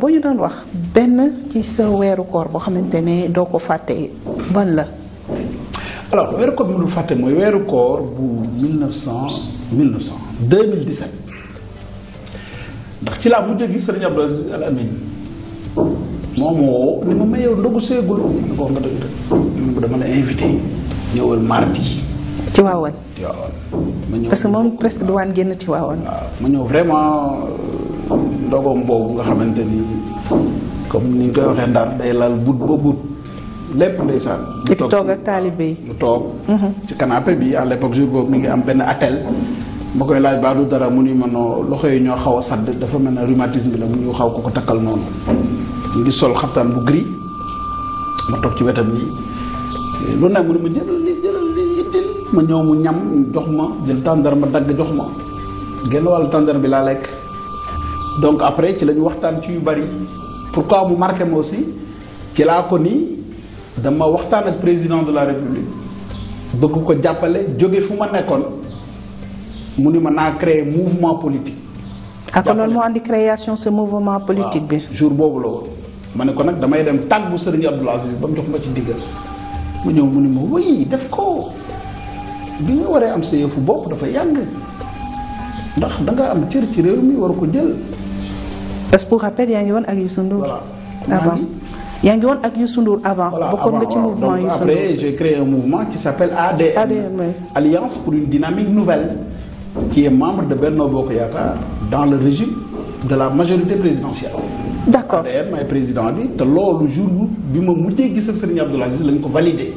boo ñu daan wax benn ci sa weeru koor boo xamante ne doo ko fàtte ban la. alors weeru koor bi mu fàtte mooy weeru koor bu 1900 ndax ci laa mujj gi sa Abdou Aziz Al Amin moom woo ni ma mayew ndogu seegul ni dama la invité ñëwal mardi. ci waawoon. waaw parce que moom presque du waan génn ci waawoon. ñëw vraiment. ndogoom boobu nga xamante ni comme ni ñu koy waxee ndar day lal but ba but lépp ndeysaan. mu toog ak taalibe yi mu toog. Mhm. ci canapé bi à l'époque jour boobu mi ngi am benn atel. ma koy laaj baadu dara mu ni ma noo loxo yi ñoo xaw a sadd dafa mel ne rhumatisme la mu ñu xaw ko ko takkal noonu sol xaftaan bu ma toog ci wetam nii lu nag mu ni jëlal li jëlal ma ñëw mu ñam jox ma jël tàndar ma dagg jox ma genn wàllu tàndar bi laa lekk donc après ci la ñu waxtaan ci yu bari pourquoi mu marke ma aussi ci laa ko nii dama waxtaan ak président de la république bëgg ko jàppale jóge fu ma nekkoon mu ni ma naa créer mouvement politique. ak ah, loolu moo andi création ce mouvement politique bi. jour boobu la woon ma ne ko nag damay dem tàggu Serigne Abdoul Aziz ba mu jox ma ci digga mu ñëw mu ni ma oui def ko bi nga waree am sa yëfu bopp dafa yàgg ndax da nga am cër ci réew mi war ko jël. parce que pour rappel yaa ngi woon ak Youssou Ndour. avant ah yaa ngi avant. voilà bokkoon nga ci mouvement Youssou Ndour après j'ai créé un mouvement qui s'appelle ADN. ADN Alliance pour une dynamique nouvelle. qui est membre de Benno Bokk Yaakaar dans le régime de la majorité présidentielle. d'accord ADN may président bi te loolu jour bi ma mujjee gis ak Serigne Aziz lañ ko validé.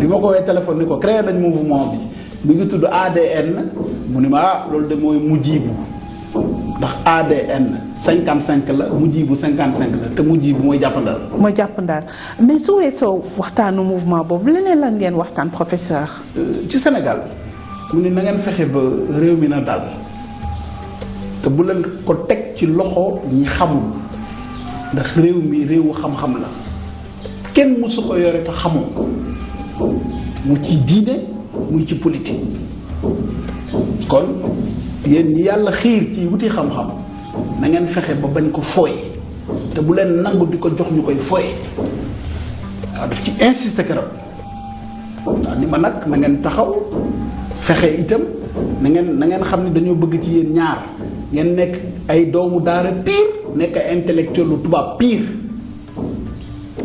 bi ma ko woowee téléphone ni ko créé nañ mouvement bi mi ngi tudd ADN mu ni ma ah, loolu de mooy mujjibu ndax ADN 55 la mu mujjibu 55 la te mu mujjibu mooy jàppandaal. mooy jàppandaal mais su weesoo waxtaanu mouvement boobu leneen lan ngeen waxtaan professeur. Euh, ci Sénégal mu ne na ngeen fexe ba réew mi na dal te bu leen ko teg ci loxo ñi xamul ndax réew mi réewu xam-xam la kenn mësu ko yore te xamoo mu ci diine muy ci politique kon. yéen ñi yàlla xiir ci wuti xam-xam na ngeen fexe ba bañ ko fooye te bu leen nangu di ko jox ñu koy fooye waaw daf ci insister keroog ni ma nag na ngeen taxaw fexe itam na ngeen na ngeen xam ne dañoo bëgg ci yéen ñaar ngeen nekk ay doomu daara pire nekk ay intellectuel lu tubaab pire.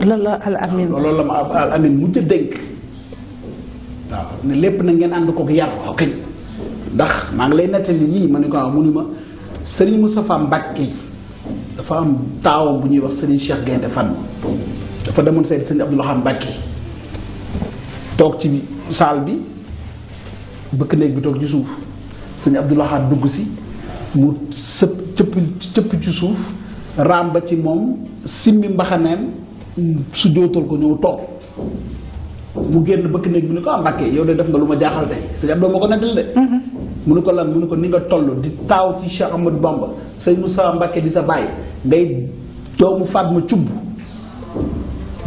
loolu la al amin loolu la ma al amin mujj dénk waaw ne lépp na ngeen ànd kook yar waaw kañ. ndax maa ngi lay nettali lii ma ne ko ah mu ni ma Serigne Moustapha Mbacke dafa am taawam bu ñuy wax Serigne Cheikh Gaynde Fatma dafa demoon seet Serigne Abdou Lahad Mbacke toog ci saal bi bëkk néeg bi toog ci suuf Serigne Abdou Lahad dugg si mu sëpp cëpp cëpp ci suuf raam ba ci moom simmi mbaxaneem su jootal ko ñëw toog mu génn bëkk néeg bi ni ko ah Mbacke yow de def nga lu ma jaaxal de Serigne Abdou ma ko nettali de mm-hmm. mu ne ko lan mu ne ko ni nga toll di taaw ci Cheikh Amadou Bamba sëñ Moussa Mbacke di sa bàyyi ngay doomu ma cubb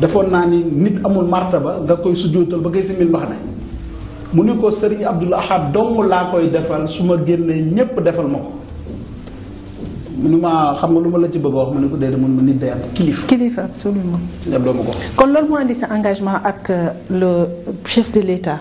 defoon naa ni nit amul ba nga koy sujjootal ba ngay simil wax ne mu ni ko sëriñ Abdoul Ahad dong laa koy defal su ma génnee ñépp defal ma ko mu ni ma xam nga lu ma la ci bëgg a wax mu ne ko déedéet mun ma kilifa. kilifa absolument. ñëpp doo ma ko kon loolu moo indi sa engagement ak euh, le chef de l'État.